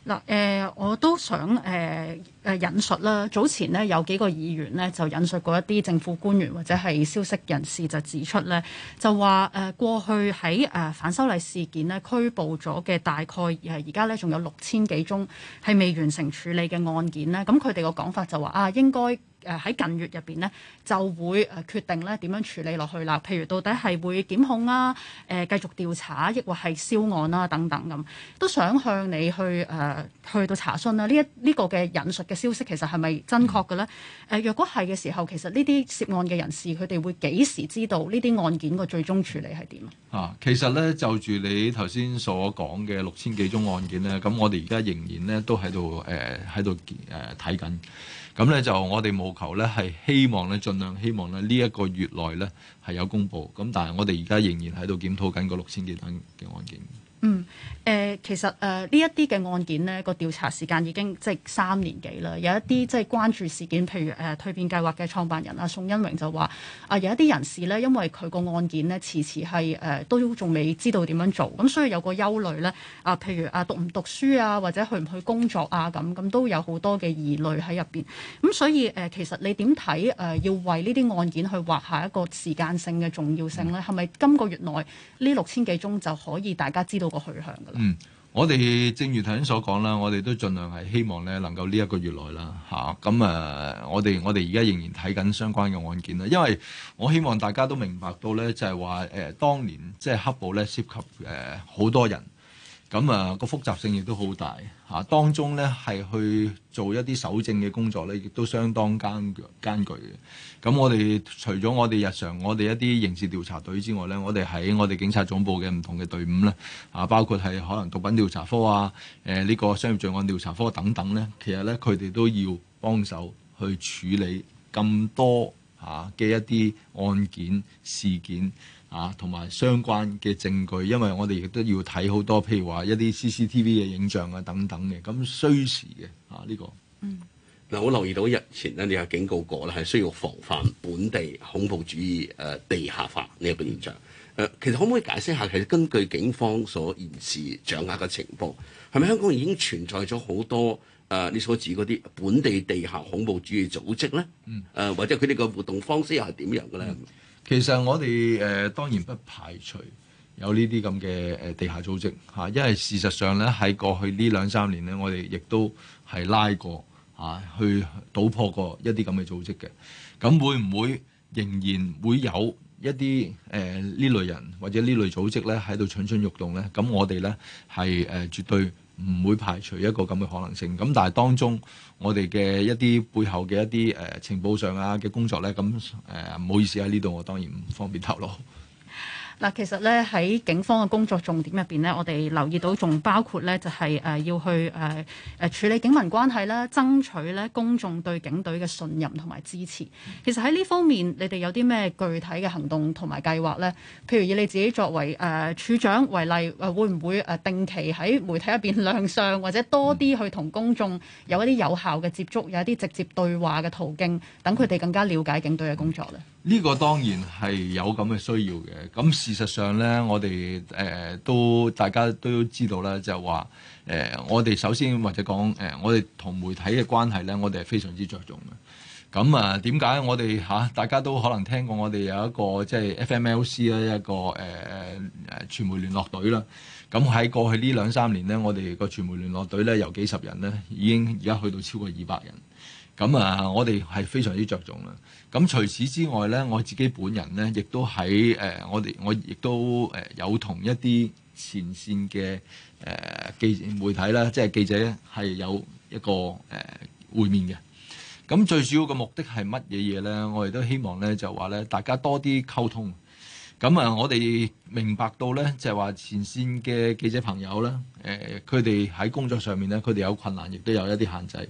嗱、呃、誒，我都想誒誒、呃、引述啦。早前呢，有幾個議員呢，就引述過一啲政府官員或者係消息人士就指出呢，就話誒、呃、過去喺誒、呃、反修例事件呢，拘捕咗嘅大概而係而家呢，仲有六千幾宗係未完成處理嘅案件呢，咁佢哋個講法就話啊，應該。誒喺、啊、近月入邊呢，就會誒決定咧點樣處理落去啦。譬如到底係會檢控啊、誒、呃、繼續調查，亦或係銷案啊等等咁，都想向你去誒、呃、去到查詢啦。呢一呢個嘅引述嘅消息，其實係咪真確嘅咧？誒、呃、若果係嘅時候，其實呢啲涉案嘅人士，佢哋會幾時知道呢啲案件嘅最終處理係點啊？啊，其實咧就住你頭先所講嘅六千幾宗案件呢。咁我哋而家仍然呢，都喺度誒喺度誒睇緊。呃咁咧就我哋務求咧，係希望咧，盡量希望咧，呢一個月內咧係有公佈。咁但係我哋而家仍然喺度檢討緊個六千幾單嘅案件。嗯，誒，其實誒呢一啲嘅案件咧，個調查時間已經即係三年幾啦。有一啲即係關注事件，譬如誒蛻變計劃嘅創辦人啊，宋恩榮就話啊，有一啲人士咧，因為佢個案件咧遲遲係誒都仲未知道點樣做，咁所以有個憂慮咧。啊，譬如啊讀唔讀書啊，或者去唔去工作啊，咁咁都有好多嘅疑慮喺入邊，咁所以誒其實你點睇誒要為呢啲案件去劃下一個時間性嘅重要性咧？係咪今個月內呢六千幾宗就可以大家知道？個去向噶啦。嗯，我哋正如頭先所講啦，我哋都盡量係希望咧能夠呢一個月內啦嚇咁誒，我哋我哋而家仍然睇緊相關嘅案件啦，因為我希望大家都明白到咧就係話誒，當年即係黑暴咧涉及誒好、呃、多人咁啊，個複雜性亦都好大嚇、啊，當中咧係去做一啲搜證嘅工作咧，亦都相當艱艱巨嘅。咁我哋除咗我哋日常我哋一啲刑事調查隊之外咧，我哋喺我哋警察總部嘅唔同嘅隊伍咧，啊包括係可能毒品調查科啊，誒呢個商業罪案調查科等等咧，其實咧佢哋都要幫手去處理咁多啊嘅一啲案件事件啊，同埋相關嘅證據，因為我哋亦都要睇好多，譬如話一啲 CCTV 嘅影像啊等等嘅，咁需時嘅啊呢個。嗯嗱，我留意到日前咧，你有警告過咧，係需要防範本地恐怖主義誒地下化呢一個現象。誒，其實可唔可以解釋下其實根據警方所現時掌握嘅情況，係咪香港已經存在咗好多誒、啊、你所指嗰啲本地地下恐怖主義組織咧？嗯。誒，或者佢哋嘅活動方式又係點樣嘅咧、嗯嗯？其實我哋誒、呃、當然不排除有呢啲咁嘅誒地下組織嚇、啊，因為事實上咧喺過去呢兩三年咧，我哋亦都係拉過。啊，去搗破過一啲咁嘅組織嘅，咁會唔會仍然會有一啲誒呢類人或者呢類組織咧喺度蠢蠢欲動咧？咁我哋咧係誒絕對唔會排除一個咁嘅可能性。咁但係當中我哋嘅一啲背後嘅一啲誒、呃、情報上啊嘅工作咧，咁誒唔好意思喺呢度，我當然唔方便透露。嗱，其實咧喺警方嘅工作重點入邊咧，我哋留意到仲包括咧，就係誒要去誒誒處理警民關係啦，爭取咧公眾對警隊嘅信任同埋支持。其實喺呢方面，你哋有啲咩具體嘅行動同埋計劃咧？譬如以你自己作為誒、呃、處長為例，會唔會誒定期喺媒體入邊亮相，或者多啲去同公眾有一啲有效嘅接觸，有一啲直接對話嘅途徑，等佢哋更加了解警隊嘅工作咧？呢個當然係有咁嘅需要嘅，咁事實上呢，我哋誒、呃、都大家都知道啦，就係話誒，我哋首先或者講誒、呃，我哋同媒體嘅關係呢，我哋係非常之着重嘅。咁啊，點解我哋嚇、啊、大家都可能聽過我哋有一個即係 FMLC 啦，就是、C，一個誒誒傳媒聯絡隊啦。咁喺過去呢兩三年呢，我哋個傳媒聯絡隊呢，由幾十人呢已經而家去到超過二百人。咁啊，我哋係非常之着重啦。咁除此之外呢，我自己本人呢，亦都喺誒、呃，我哋我亦都誒有同一啲前線嘅誒、呃、記者媒體啦，即係記者係有一個誒、呃、會面嘅。咁最主要嘅目的係乜嘢嘢呢？我哋都希望呢，就話咧，大家多啲溝通。咁啊，我哋明白到呢，就係、是、話前線嘅記者朋友啦，誒、呃，佢哋喺工作上面呢，佢哋有困難，亦都有一啲限制。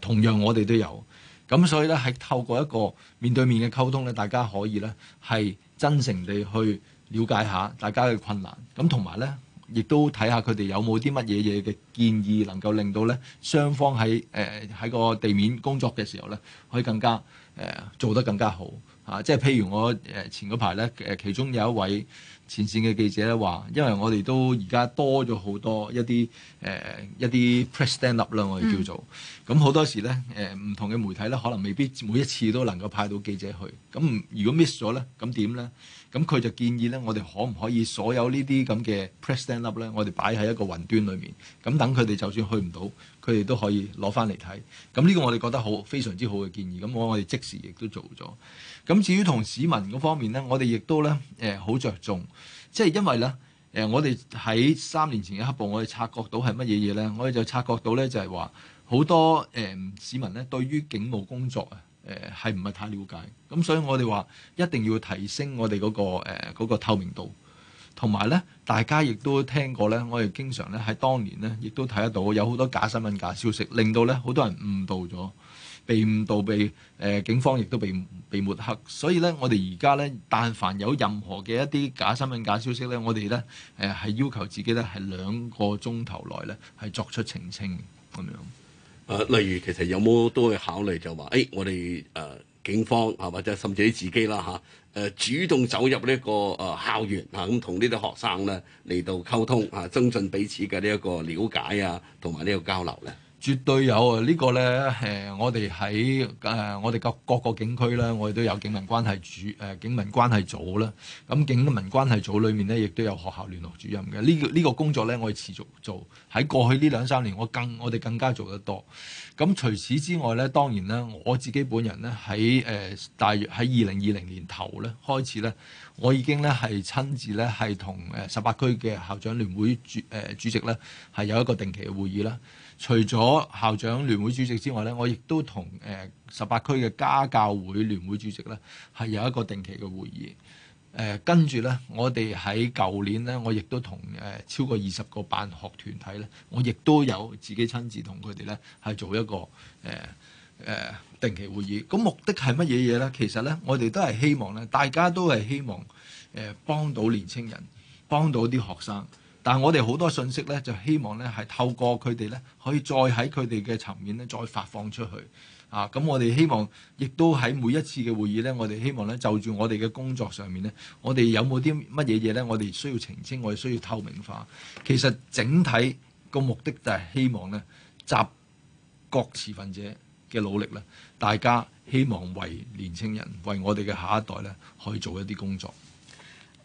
同樣我哋都有，咁所以呢，係透過一個面對面嘅溝通呢，大家可以呢係真誠地去了解下大家嘅困難，咁同埋呢，亦都睇下佢哋有冇啲乜嘢嘢嘅建議能夠令到呢雙方喺誒喺個地面工作嘅時候呢，可以更加誒、呃、做得更加好嚇、啊，即係譬如我誒前嗰排呢，誒其中有一位。前線嘅記者咧話，因為我哋都而家多咗好多一啲誒、呃、一啲 press stand up 啦，我哋叫做咁好、嗯、多時咧誒，唔、呃、同嘅媒體咧可能未必每一次都能夠派到記者去，咁如果 miss 咗咧，咁點咧？咁佢就建議咧，我哋可唔可以所有呢啲咁嘅 press stand up 咧，我哋擺喺一個雲端裏面，咁等佢哋就算去唔到。佢哋都可以攞翻嚟睇，咁呢個我哋覺得好非常之好嘅建議，咁我我哋即時亦都做咗。咁至於同市民嗰方面呢，我哋亦都呢誒好着重，即係因為呢，誒、呃、我哋喺三年前嘅黑暴，我哋察覺到係乜嘢嘢呢？我哋就察覺到、呃、呢，就係話好多誒市民呢對於警務工作啊誒係唔係太了解，咁所以我哋話一定要提升我哋嗰、嗰個誒嗰、呃嗰個透明度。同埋呢，大家亦都聽過呢。我哋經常呢，喺當年呢，亦都睇得到有好多假新聞、假消息，令到呢好多人誤導咗，被誤導被誒、呃、警方亦都被被抹黑。所以呢，我哋而家呢，但凡有任何嘅一啲假新聞、假消息呢，我哋呢誒係、呃、要求自己呢係兩個鐘頭內呢係作出澄清咁樣。誒、啊，例如其實有冇都去考慮就話，誒、哎、我哋誒、呃、警方嚇或者甚至係自己啦嚇。啊，誒主動走入呢個誒校園吓，咁同呢啲學生咧嚟到溝通嚇，增進彼此嘅呢一個了解啊，同埋呢個交流咧。絕對有啊！呢、這個呢，誒、呃，我哋喺誒，我哋各各個警區呢，我哋都有警民關係組，誒、呃，警民關係組啦。咁、啊、警民關係組裏面呢，亦都有學校聯絡主任嘅。呢、這個呢、這個工作呢，我哋持續做。喺過去呢兩三年我，我更我哋更加做得多。咁、啊、除此之外呢，當然呢，我自己本人呢，喺誒、呃、大約喺二零二零年頭呢開始呢，我已經呢係親自呢係同誒十八區嘅校長聯會主誒主席呢，係有一個定期嘅會議啦。除咗校長聯會主席之外咧，我亦都同誒十八區嘅家教會聯會主席咧，係有一個定期嘅會議。誒跟住咧，我哋喺舊年咧，我亦都同誒、呃、超過二十個辦學團體咧，我亦都有自己親自同佢哋咧，係做一個誒誒、呃呃、定期會議。咁目的係乜嘢嘢咧？其實咧，我哋都係希望咧，大家都係希望誒、呃、幫到年輕人，幫到啲學生。但我哋好多信息咧，就希望咧係透過佢哋咧，可以再喺佢哋嘅層面咧，再發放出去。啊，咁我哋希望亦都喺每一次嘅會議咧，我哋希望咧就住我哋嘅工作上面咧，我哋有冇啲乜嘢嘢咧，我哋需要澄清，我哋需要透明化。其實整體個目的就係希望咧集，各持份者嘅努力咧，大家希望為年青人，為我哋嘅下一代咧，可以做一啲工作。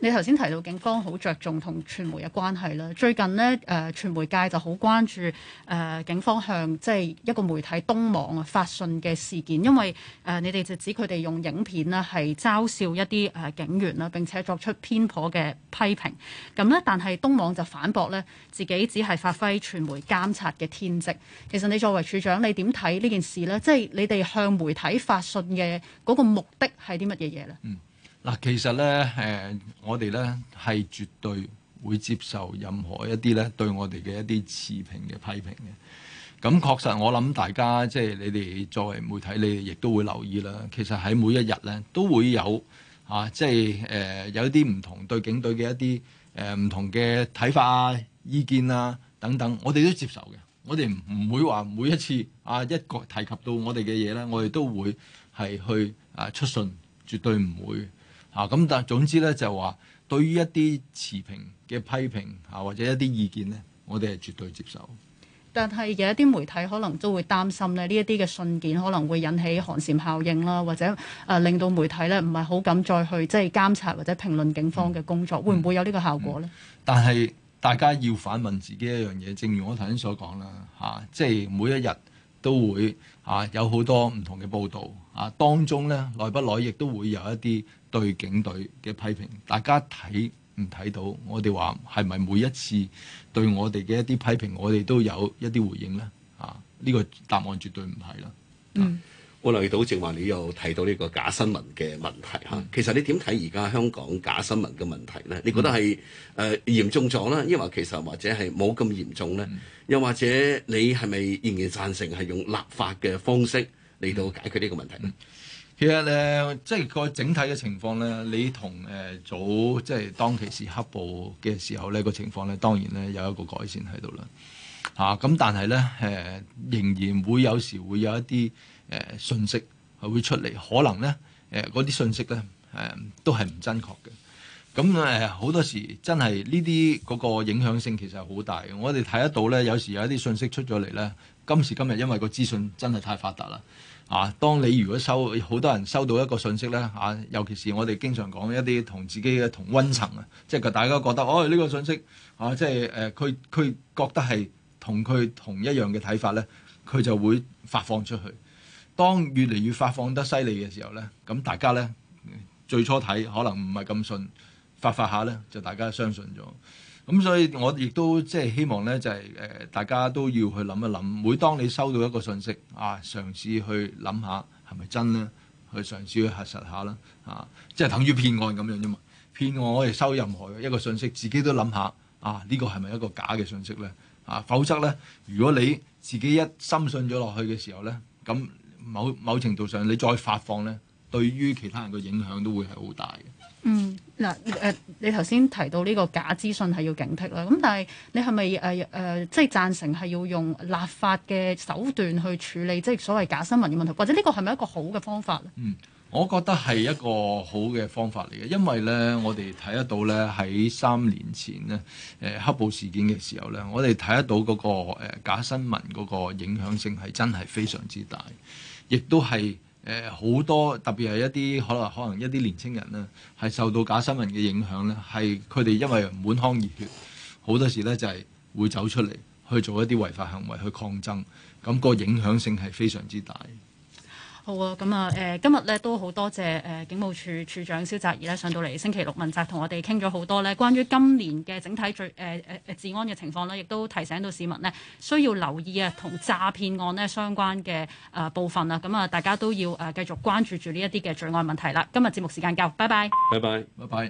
你頭先提到警方好着重同傳媒嘅關係啦，最近呢，誒、呃、傳媒界就好關注誒、呃、警方向即係一個媒體東網發信嘅事件，因為誒、呃、你哋就指佢哋用影片啦係嘲笑一啲誒、呃、警員啦，並且作出偏頗嘅批評。咁呢，但係東網就反駁呢，自己只係發揮傳媒監察嘅天職。其實你作為處長，你點睇呢件事呢？即係你哋向媒體發信嘅嗰個目的係啲乜嘢嘢呢？嗯嗱，其實咧，誒、呃，我哋咧係絕對會接受任何一啲咧對我哋嘅一啲持評嘅批評嘅。咁確實，我諗大家即係你哋作為媒體，你哋亦都會留意啦。其實喺每一日咧，都會有啊，即係誒、呃，有一啲唔同對警隊嘅一啲誒唔同嘅睇法、啊、意見啊等等，我哋都接受嘅。我哋唔會話每一次啊一個提及到我哋嘅嘢咧，我哋都會係去啊出信，絕對唔會。啊，咁但總之咧就話，對於一啲持平嘅批評啊，或者一啲意見咧，我哋係絕對接受。但係有一啲媒體可能都會擔心咧，呢一啲嘅信件可能會引起寒蟬效應啦，或者啊令到媒體咧唔係好敢再去即係、就是、監察或者評論警方嘅工作，會唔會有呢個效果咧、嗯嗯嗯？但係大家要反問自己一樣嘢，正如我頭先所講啦，嚇、啊，即係每一日都會嚇、啊、有好多唔同嘅報導。啊，當中咧，耐不耐亦都會有一啲對警隊嘅批評，大家睇唔睇到？我哋話係咪每一次對我哋嘅一啲批評，我哋都有一啲回應咧？啊，呢、這個答案絕對唔係啦。嗯，啊、我留意到正話，你又提到呢個假新聞嘅問題嚇、啊。其實你點睇而家香港假新聞嘅問題咧？你覺得係誒、呃、嚴重咗咧，因為其實或者係冇咁嚴重咧？又或者你係咪仍然贊成係用立法嘅方式？嚟到解決呢個問題、嗯、其實咧、呃，即係個整體嘅情況咧，你同誒、呃、早即係當其時黑暴嘅時候呢個情況咧，當然咧有一個改善喺度啦。啊，咁但係咧誒，仍然會有時會有一啲誒信息係會出嚟，可能咧誒嗰啲信息咧誒、呃、都係唔真確嘅。咁誒好多時真係呢啲嗰個影響性其實係好大嘅。我哋睇得到咧，有時有一啲信息出咗嚟咧。今時今日，因為個資訊真係太發達啦。啊！當你如果收好多人收到一個訊息咧，嚇、啊，尤其是我哋經常講一啲同自己嘅同温層啊，即係大家覺得，哦呢、呢個訊息啊，即係誒，佢、呃、佢覺得係同佢同一樣嘅睇法咧，佢就會發放出去。當越嚟越發放得犀利嘅時候咧，咁大家呢，最初睇可能唔係咁信，發發下呢，就大家相信咗。咁所以，我亦都即係希望咧，就係誒，大家都要去諗一諗，每當你收到一個信息，啊，嘗試去諗下係咪真咧，去嘗試去核實下啦，啊，即係等於騙案咁樣啫嘛。騙案我哋收任何嘅一個信息，自己都諗下，啊，呢個係咪一個假嘅信息咧？啊，否則咧，如果你自己一深信咗落去嘅時候咧，咁某某程度上你再發放咧，對於其他人嘅影響都會係好大嘅。嗱誒，你頭先提到呢個假資訊係要警惕啦。咁但係你係咪誒誒，即、呃、係、呃即係、贊成係要用立法嘅手段去處理即係、即係、所謂假新聞嘅問題？或者呢個係咪一個好嘅方法？嗯，我覺得係一個好嘅方法嚟嘅，因為咧，我哋睇得到咧喺三年前呢，誒、呃、黑暴事件嘅時候咧，我哋睇得到嗰、嗰個、呃、假新聞嗰個影響性係真係非常之大，亦都係。誒，好多特別係一啲可能可能一啲年青人咧，係受到假新聞嘅影響咧，係佢哋因為滿腔熱血，好多時咧就係會走出嚟去做一啲違法行為去抗爭，咁個影響性係非常之大。好啊，咁、呃、啊，誒今日咧都好多謝誒、呃、警務處處長蕭澤怡蕭澤頤咧上到嚟星期六問責，同我哋傾咗好多咧關於今年嘅整體罪誒誒誒治安嘅情況啦，亦都提醒到市民呢需要留意啊同詐騙案呢相關嘅啊、呃、部分啊。咁啊大家都要誒、呃、繼續關注住呢一啲嘅罪案問題啦。今日節目時間夠，拜拜，拜拜，拜拜。